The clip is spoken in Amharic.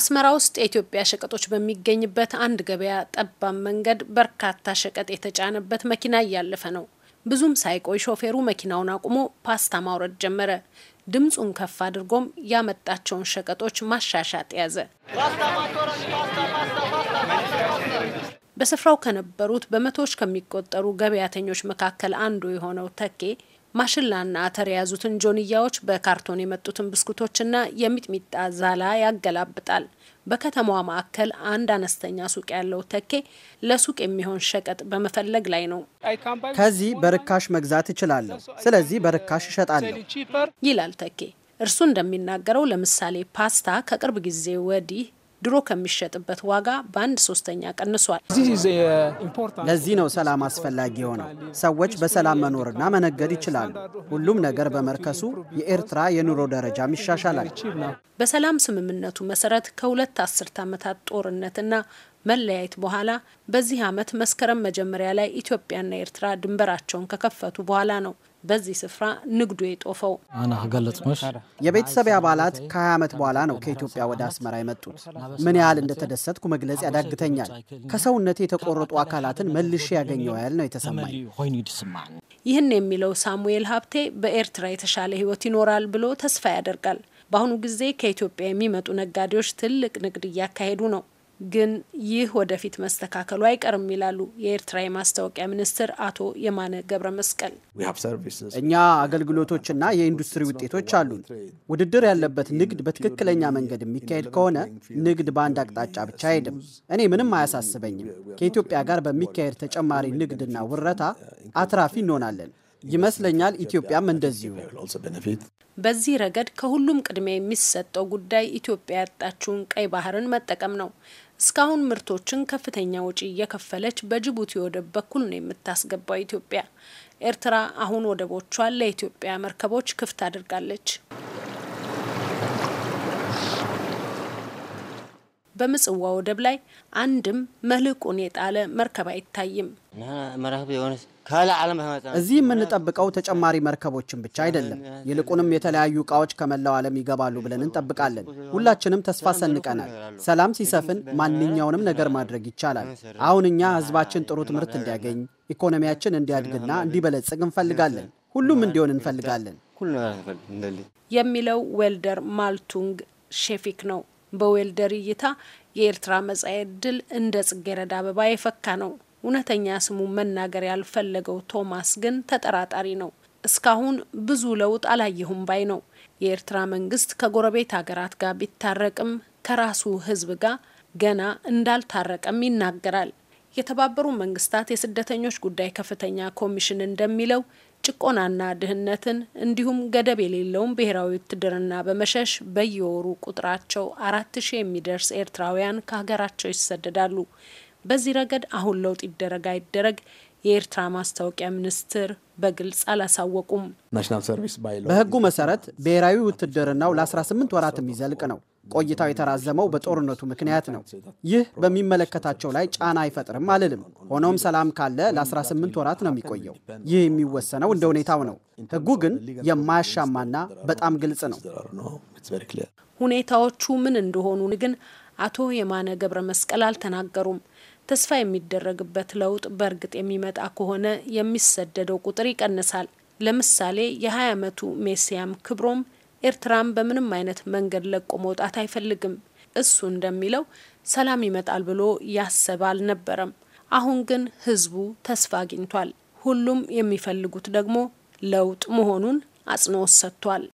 አስመራ ውስጥ የኢትዮጵያ ሸቀጦች በሚገኝበት አንድ ገበያ ጠባብ መንገድ በርካታ ሸቀጥ የተጫነበት መኪና እያለፈ ነው። ብዙም ሳይቆይ ሾፌሩ መኪናውን አቁሞ ፓስታ ማውረድ ጀመረ። ድምፁን ከፍ አድርጎም ያመጣቸውን ሸቀጦች ማሻሻጥ ያዘ። በስፍራው ከነበሩት በመቶዎች ከሚቆጠሩ ገበያተኞች መካከል አንዱ የሆነው ተኬ ማሽላና አተር የያዙትን ጆንያዎች በካርቶን የመጡትን ብስኩቶችና የሚጥሚጣ ዛላ ያገላብጣል። በከተማዋ ማዕከል አንድ አነስተኛ ሱቅ ያለው ተኬ ለሱቅ የሚሆን ሸቀጥ በመፈለግ ላይ ነው። ከዚህ በርካሽ መግዛት እችላለሁ፣ ስለዚህ በርካሽ እሸጣለሁ ይላል ተኬ። እርሱ እንደሚናገረው ለምሳሌ ፓስታ ከቅርብ ጊዜ ወዲህ ድሮ ከሚሸጥበት ዋጋ በአንድ ሶስተኛ ቀንሷል። ለዚህ ነው ሰላም አስፈላጊ የሆነው። ሰዎች በሰላም መኖርና መነገድ ይችላሉ። ሁሉም ነገር በመርከሱ የኤርትራ የኑሮ ደረጃም ይሻሻላል። በሰላም ስምምነቱ መሰረት ከሁለት አስርት ዓመታት ጦርነትና መለያየት በኋላ በዚህ ዓመት መስከረም መጀመሪያ ላይ ኢትዮጵያና ኤርትራ ድንበራቸውን ከከፈቱ በኋላ ነው በዚህ ስፍራ ንግዱ የጦፈው። የቤተሰቤ አባላት ከ20 ዓመት በኋላ ነው ከኢትዮጵያ ወደ አስመራ የመጡት። ምን ያህል እንደተደሰትኩ መግለጽ ያዳግተኛል። ከሰውነት የተቆረጡ አካላትን መልሼ ያገኘው ያህል ነው የተሰማኝ። ይህን የሚለው ሳሙኤል ሀብቴ በኤርትራ የተሻለ ህይወት ይኖራል ብሎ ተስፋ ያደርጋል። በአሁኑ ጊዜ ከኢትዮጵያ የሚመጡ ነጋዴዎች ትልቅ ንግድ እያካሄዱ ነው። ግን ይህ ወደፊት መስተካከሉ አይቀርም ይላሉ የኤርትራ የማስታወቂያ ሚኒስትር አቶ የማነ ገብረ መስቀል። እኛ አገልግሎቶችና የኢንዱስትሪ ውጤቶች አሉን። ውድድር ያለበት ንግድ በትክክለኛ መንገድ የሚካሄድ ከሆነ ንግድ በአንድ አቅጣጫ ብቻ አይሄድም። እኔ ምንም አያሳስበኝም። ከኢትዮጵያ ጋር በሚካሄድ ተጨማሪ ንግድና ውረታ አትራፊ እንሆናለን። ይመስለኛል ኢትዮጵያም እንደዚሁ። በዚህ ረገድ ከሁሉም ቅድሚያ የሚሰጠው ጉዳይ ኢትዮጵያ ያጣችውን ቀይ ባህርን መጠቀም ነው። እስካሁን ምርቶችን ከፍተኛ ወጪ እየከፈለች በጅቡቲ ወደብ በኩል ነው የምታስገባው ኢትዮጵያ። ኤርትራ አሁን ወደቦቿን ለኢትዮጵያ መርከቦች ክፍት አድርጋለች። በምጽዋ ወደብ ላይ አንድም መልህቁን የጣለ መርከብ አይታይም። እዚህ የምንጠብቀው ተጨማሪ መርከቦችን ብቻ አይደለም፣ ይልቁንም የተለያዩ እቃዎች ከመላው ዓለም ይገባሉ ብለን እንጠብቃለን። ሁላችንም ተስፋ ሰንቀናል። ሰላም ሲሰፍን ማንኛውንም ነገር ማድረግ ይቻላል። አሁን እኛ ህዝባችን ጥሩ ትምህርት እንዲያገኝ፣ ኢኮኖሚያችን እንዲያድግና እንዲበለጽግ እንፈልጋለን። ሁሉም እንዲሆን እንፈልጋለን የሚለው ዌልደር ማልቱንግ ሼፊክ ነው። በዌልደር እይታ የኤርትራ መጻኤ ድል እንደ ጽጌረዳ አበባ የፈካ ነው። እውነተኛ ስሙን መናገር ያልፈለገው ቶማስ ግን ተጠራጣሪ ነው። እስካሁን ብዙ ለውጥ አላየሁም ባይ ነው። የኤርትራ መንግስት ከጎረቤት ሀገራት ጋር ቢታረቅም ከራሱ ሕዝብ ጋር ገና እንዳልታረቀም ይናገራል። የተባበሩ መንግስታት የስደተኞች ጉዳይ ከፍተኛ ኮሚሽን እንደሚለው ጭቆናና ድህነትን እንዲሁም ገደብ የሌለውን ብሔራዊ ውትድርና በመሸሽ በየወሩ ቁጥራቸው አራት ሺህ የሚደርስ ኤርትራውያን ከሀገራቸው ይሰደዳሉ። በዚህ ረገድ አሁን ለውጥ ይደረግ አይደረግ የኤርትራ ማስታወቂያ ሚኒስትር በግልጽ አላሳወቁም። በህጉ መሰረት ብሔራዊ ውትድርናው ለ18 ወራት የሚዘልቅ ነው። ቆይታው የተራዘመው በጦርነቱ ምክንያት ነው። ይህ በሚመለከታቸው ላይ ጫና አይፈጥርም አልልም። ሆኖም ሰላም ካለ ለ18 ወራት ነው የሚቆየው። ይህ የሚወሰነው እንደ ሁኔታው ነው። ህጉ ግን የማያሻማና በጣም ግልጽ ነው። ሁኔታዎቹ ምን እንደሆኑ ግን አቶ የማነ ገብረ መስቀል አልተናገሩም። ተስፋ የሚደረግበት ለውጥ በእርግጥ የሚመጣ ከሆነ የሚሰደደው ቁጥር ይቀንሳል። ለምሳሌ የ20 ዓመቱ ሜሲያም ክብሮም ኤርትራም በምንም አይነት መንገድ ለቆ መውጣት አይፈልግም። እሱ እንደሚለው ሰላም ይመጣል ብሎ ያሰበ አልነበረም። አሁን ግን ህዝቡ ተስፋ አግኝቷል። ሁሉም የሚፈልጉት ደግሞ ለውጥ መሆኑን አጽንኦት ሰጥቷል።